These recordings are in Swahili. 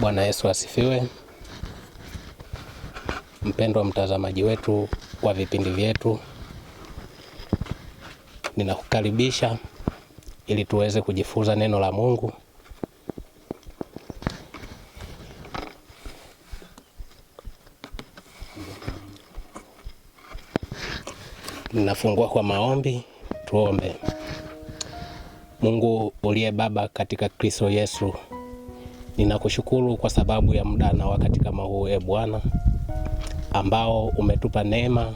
Bwana Yesu asifiwe. Mpendwa mtazamaji wetu wa vipindi vyetu, ninakukaribisha ili tuweze kujifunza neno la Mungu. Ninafungua kwa maombi, tuombe. Mungu uliye Baba katika Kristo Yesu Ninakushukuru kwa sababu ya muda na wakati kama huu, e Bwana, ambao umetupa neema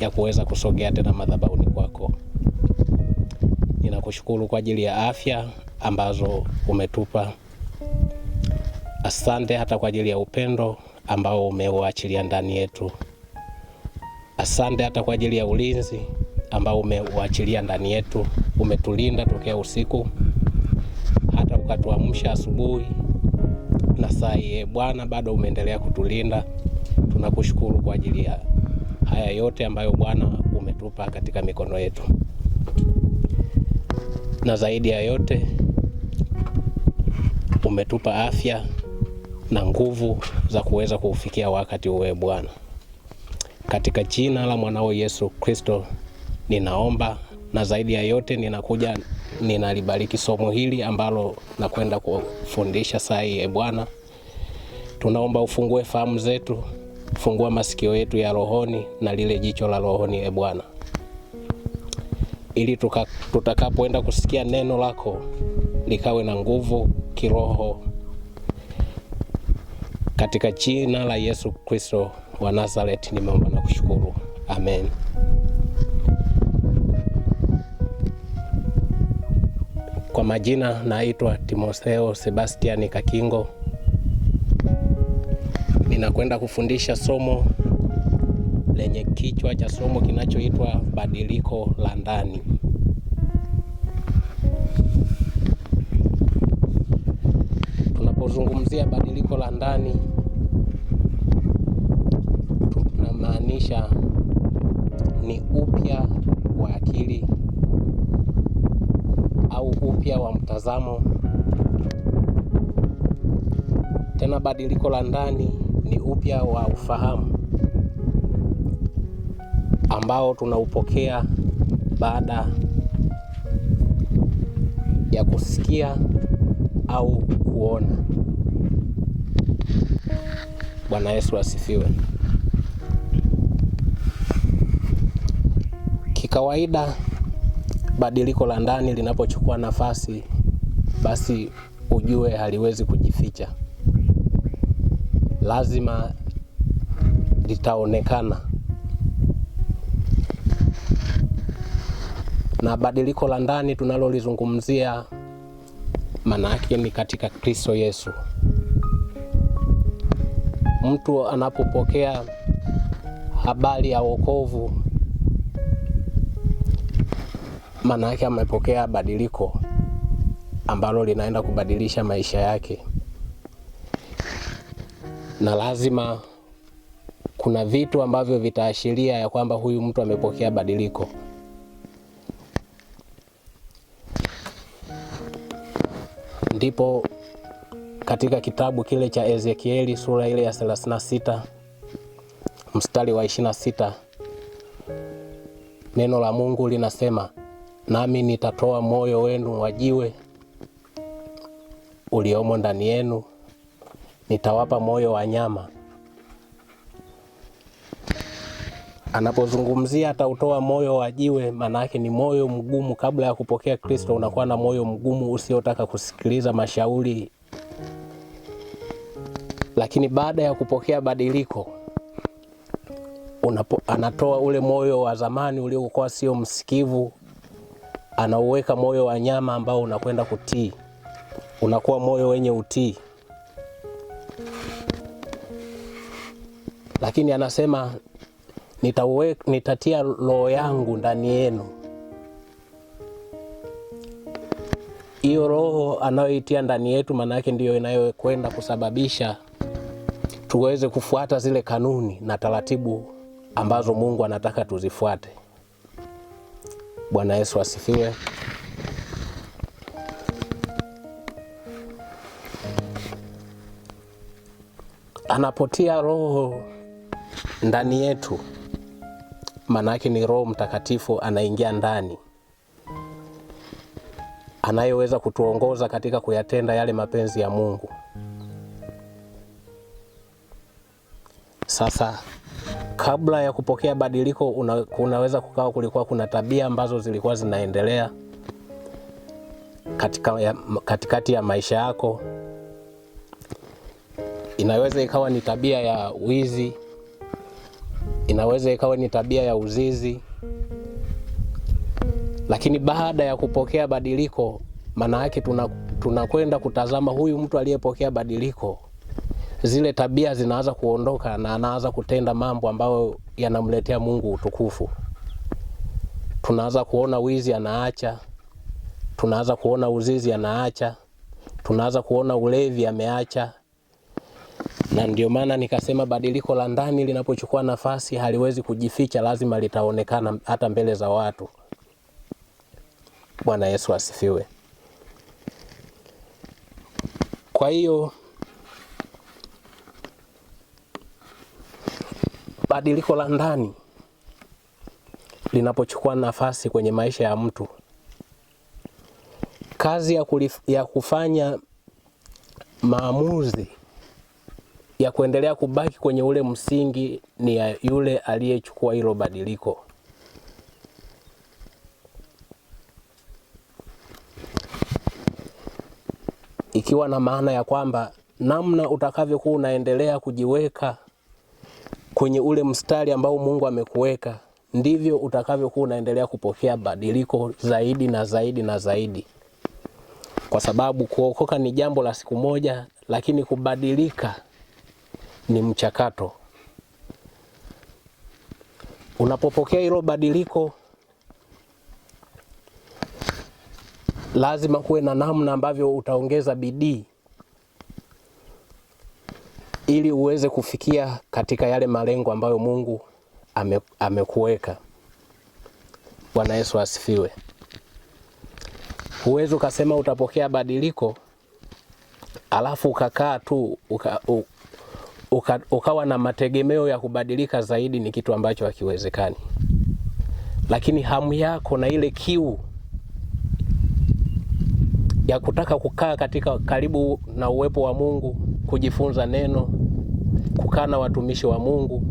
ya kuweza kusogea tena madhabahuni kwako. Ninakushukuru kwa ajili ya afya ambazo umetupa. Asante hata kwa ajili ya upendo ambao umeuachilia ndani yetu. Asante hata kwa ajili ya ulinzi ambao umeuachilia ndani yetu. Umetulinda tokea usiku hata ukatuamsha asubuhi na sai. Eh, bwana bado umeendelea kutulinda, tunakushukuru kwa ajili ya haya yote ambayo Bwana umetupa katika mikono yetu, na zaidi ya yote umetupa afya na nguvu za kuweza kuufikia wakati uwe eh, Bwana. Katika jina la mwanao Yesu Kristo ninaomba, na zaidi ya yote ninakuja ninalibariki somo hili ambalo nakwenda kufundisha saa hii. E Bwana, tunaomba ufungue fahamu zetu, fungua masikio yetu ya rohoni na lile jicho la rohoni, e Bwana, ili tutakapoenda kusikia neno lako likawe na nguvu kiroho, katika jina la Yesu Kristo wa Nazareti nimeomba na kushukuru, amen. Kwa majina naitwa Timotheo Sebastian Kakingo. Ninakwenda kufundisha somo lenye kichwa cha somo kinachoitwa badiliko la ndani. Tunapozungumzia badiliko la ndani, tunamaanisha ni upya wa akili au upya wa mtazamo. Tena badiliko la ndani ni upya wa ufahamu ambao tunaupokea baada ya kusikia au kuona. Bwana Yesu asifiwe. Kikawaida badiliko la ndani linapochukua nafasi, basi ujue haliwezi kujificha, lazima litaonekana. Na badiliko la ndani tunalolizungumzia maana yake ni katika Kristo Yesu. Mtu anapopokea habari ya wokovu maana yake amepokea badiliko ambalo linaenda kubadilisha maisha yake, na lazima kuna vitu ambavyo vitaashiria ya kwamba huyu mtu amepokea badiliko. Ndipo katika kitabu kile cha Ezekieli sura ile ya 36 mstari wa 26 neno la Mungu linasema nami nitatoa moyo wenu wa jiwe uliomo ndani yenu, nitawapa moyo wa nyama. Anapozungumzia atautoa moyo wa jiwe, maana yake ni moyo mgumu. Kabla ya kupokea Kristo, unakuwa na moyo mgumu usiotaka kusikiliza mashauri, lakini baada ya kupokea badiliko unapo, anatoa ule moyo wa zamani uliokuwa sio msikivu anauweka moyo wa nyama ambao unakwenda kutii, unakuwa moyo wenye utii. Lakini anasema nitauwe, nitatia roho yangu ndani yenu. Hiyo roho anayoitia ndani yetu, maana yake ndiyo inayokwenda kusababisha tuweze kufuata zile kanuni na taratibu ambazo Mungu anataka tuzifuate. Bwana Yesu asifiwe. Anapotia roho ndani yetu, maana yake ni Roho Mtakatifu anaingia ndani, anayeweza kutuongoza katika kuyatenda yale mapenzi ya Mungu. Sasa kabla ya kupokea badiliko una, unaweza kukawa kulikuwa kuna tabia ambazo zilikuwa zinaendelea katika ya, katikati ya maisha yako. Inaweza ikawa ni tabia ya wizi, inaweza ikawa ni tabia ya uzizi. Lakini baada ya kupokea badiliko, maana yake tunakwenda tuna kutazama huyu mtu aliyepokea badiliko zile tabia zinaanza kuondoka na anaanza kutenda mambo ambayo yanamletea Mungu utukufu. Tunaanza kuona wizi anaacha, tunaanza kuona uzizi anaacha, tunaanza kuona ulevi ameacha. Na ndio maana nikasema badiliko la ndani linapochukua nafasi haliwezi kujificha, lazima litaonekana hata mbele za watu. Bwana Yesu asifiwe. Kwa hiyo badiliko la ndani linapochukua nafasi kwenye maisha ya mtu, kazi ya, kulif, ya kufanya maamuzi ya kuendelea kubaki kwenye ule msingi ni ya yule aliyechukua hilo badiliko. Ikiwa na maana ya kwamba namna utakavyokuwa unaendelea kujiweka kwenye ule mstari ambao Mungu amekuweka, ndivyo utakavyokuwa unaendelea kupokea badiliko zaidi na zaidi na zaidi, kwa sababu kuokoka ni jambo la siku moja, lakini kubadilika ni mchakato. Unapopokea hilo badiliko, lazima kuwe na namna ambavyo utaongeza bidii ili uweze kufikia katika yale malengo ambayo Mungu ame, amekuweka. Bwana Yesu asifiwe. Huwezi ukasema utapokea badiliko alafu ukakaa tu uka, u, uka, ukawa na mategemeo ya kubadilika zaidi, ni kitu ambacho hakiwezekani. Lakini hamu yako na ile kiu ya kutaka kukaa katika karibu na uwepo wa Mungu, kujifunza neno, kukana watumishi wa Mungu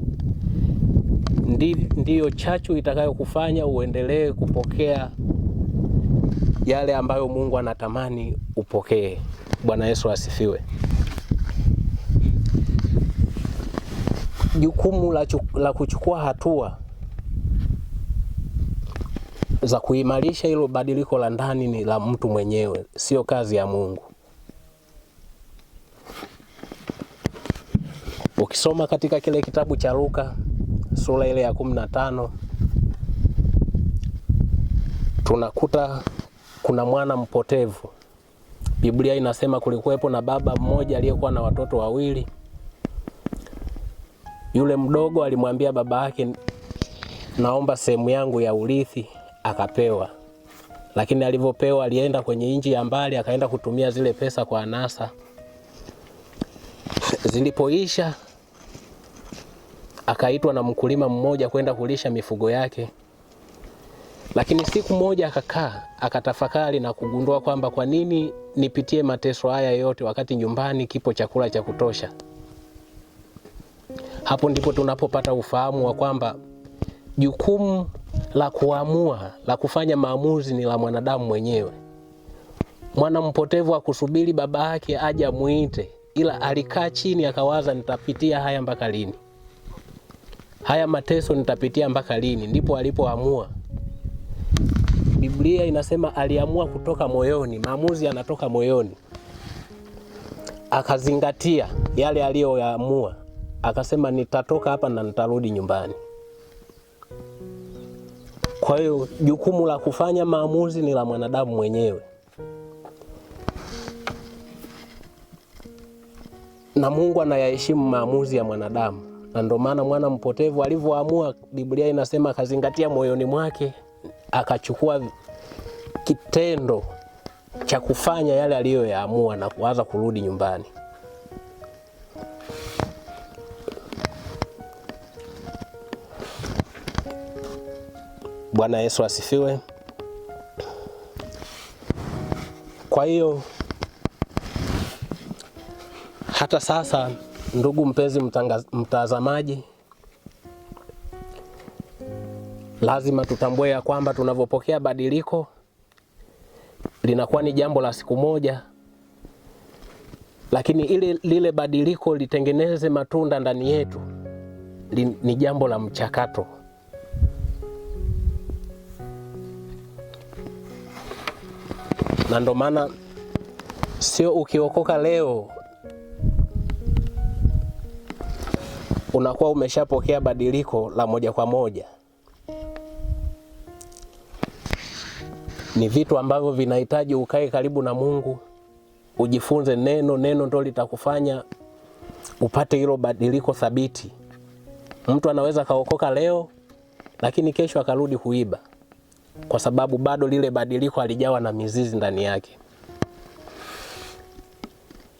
ndiyo chachu itakayokufanya uendelee kupokea yale ambayo Mungu anatamani upokee. Bwana Yesu asifiwe. Jukumu la, la kuchukua hatua za kuimarisha hilo badiliko la ndani ni la mtu mwenyewe, sio kazi ya Mungu. Ukisoma katika kile kitabu cha Luka sura ile ya kumi na tano tunakuta kuna mwana mpotevu. Biblia inasema kulikuwepo na baba mmoja aliyekuwa na watoto wawili. Yule mdogo alimwambia baba yake, naomba sehemu yangu ya urithi, akapewa. Lakini alivyopewa alienda kwenye nchi ya mbali, akaenda kutumia zile pesa kwa anasa. Zilipoisha akaitwa na mkulima mmoja kwenda kulisha mifugo yake, lakini siku moja akakaa akatafakari na kugundua kwamba kwa nini nipitie mateso haya yote wakati nyumbani kipo chakula cha kutosha. Hapo ndipo tunapopata ufahamu wa kwamba jukumu la kuamua la kufanya maamuzi ni la mwanadamu mwenyewe. Mwana mpotevu akusubiri baba yake aje muite ila alikaa chini akawaza, nitapitia haya mpaka lini? haya mateso nitapitia mpaka lini? Ndipo alipoamua. Biblia inasema aliamua kutoka moyoni, maamuzi yanatoka moyoni. Akazingatia yale aliyoyaamua, akasema nitatoka hapa na nitarudi nyumbani. Kwa hiyo jukumu la kufanya maamuzi ni la mwanadamu mwenyewe, na Mungu anayaheshimu maamuzi ya mwanadamu na ndio maana mwana mpotevu alivyoamua, Biblia inasema akazingatia moyoni mwake, akachukua kitendo cha kufanya yale aliyoyaamua na kuanza kurudi nyumbani. Bwana Yesu asifiwe. Kwa hiyo hata sasa Ndugu mpenzi mtazamaji, lazima tutambue ya kwamba tunavyopokea badiliko linakuwa ni jambo la siku moja, lakini ile lile badiliko litengeneze matunda ndani yetu ni jambo la mchakato. Na ndo maana sio ukiokoka leo unakuwa umeshapokea badiliko la moja kwa moja. Ni vitu ambavyo vinahitaji ukae karibu na Mungu, ujifunze neno. Neno ndio litakufanya upate hilo badiliko thabiti. Mtu anaweza kaokoka leo, lakini kesho akarudi kuiba, kwa sababu bado lile badiliko alijawa na mizizi ndani yake.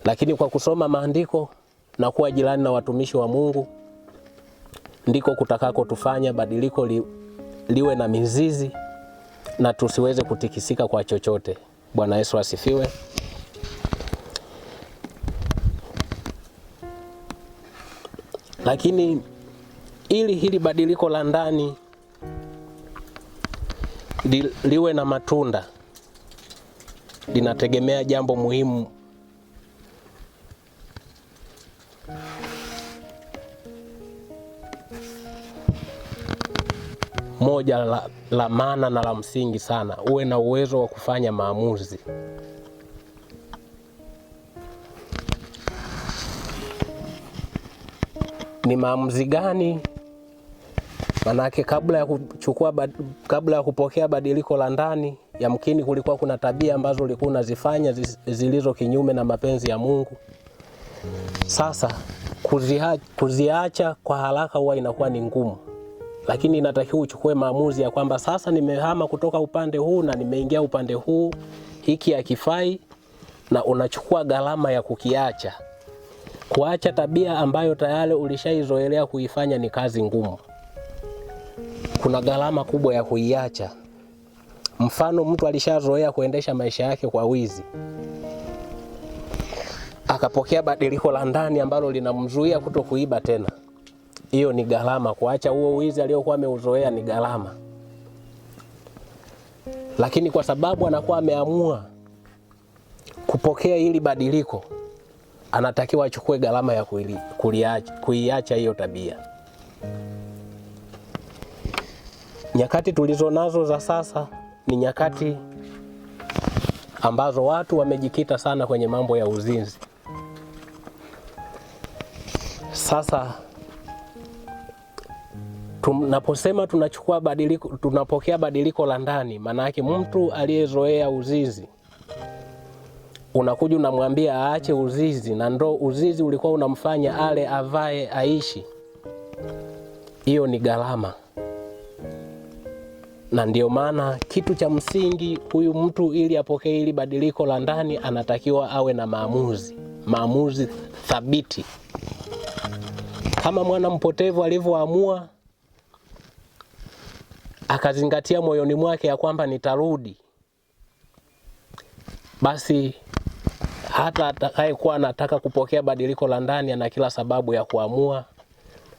Lakini kwa kusoma maandiko na kuwa jirani na watumishi wa Mungu ndiko kutakako tufanya badiliko li, liwe na mizizi na tusiweze kutikisika kwa chochote. Bwana Yesu asifiwe. Lakini ili hili badiliko la ndani li, liwe na matunda linategemea jambo muhimu moja la, la maana na la msingi sana, uwe na uwezo wa kufanya maamuzi. Ni maamuzi gani? Manake kabla ya kuchukua bad, kabla ya kupokea badiliko la ndani, yamkini kulikuwa kuna tabia ambazo ulikuwa unazifanya zilizo kinyume na mapenzi ya Mungu. Sasa kuziacha kwa haraka huwa inakuwa ni ngumu lakini inatakiwa uchukue maamuzi ya kwamba sasa nimehama kutoka upande huu na nimeingia upande huu, hiki hakifai, na unachukua gharama ya kukiacha. Kuacha tabia ambayo tayari ulishaizoelea kuifanya ni kazi ngumu, kuna gharama kubwa ya kuiacha. Mfano, mtu alishazoea kuendesha maisha yake kwa wizi, akapokea badiliko la ndani ambalo linamzuia kuto kuiba tena hiyo ni gharama. Kuacha huo wizi aliokuwa ameuzoea ni gharama, lakini kwa sababu anakuwa ameamua kupokea hili badiliko, anatakiwa achukue gharama ya kuiacha hiyo tabia. Nyakati tulizo nazo za sasa ni nyakati ambazo watu wamejikita sana kwenye mambo ya uzinzi. Sasa Tunaposema tunachukua badiliko, tunapokea badiliko la ndani, maana yake mtu aliyezoea uzizi unakuja unamwambia aache uzizi, na ndo uzizi ulikuwa unamfanya ale, avae, aishi. Hiyo ni gharama, na ndio maana kitu cha msingi huyu mtu ili apokee hili badiliko la ndani, anatakiwa awe na maamuzi, maamuzi thabiti, kama mwana mpotevu alivyoamua akazingatia moyoni mwake ya kwamba nitarudi, basi hata atakayekuwa anataka kupokea badiliko la ndani ana kila sababu ya kuamua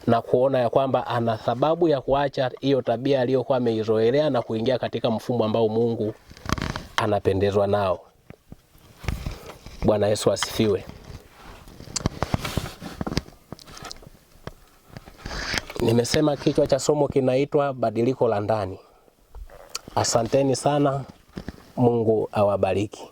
na kuona ya kwamba ana sababu ya kuacha hiyo tabia aliyokuwa ameizoelea na kuingia katika mfumo ambao Mungu anapendezwa nao. Bwana Yesu asifiwe. Nimesema kichwa cha somo kinaitwa badiliko la ndani. Asanteni sana. Mungu awabariki.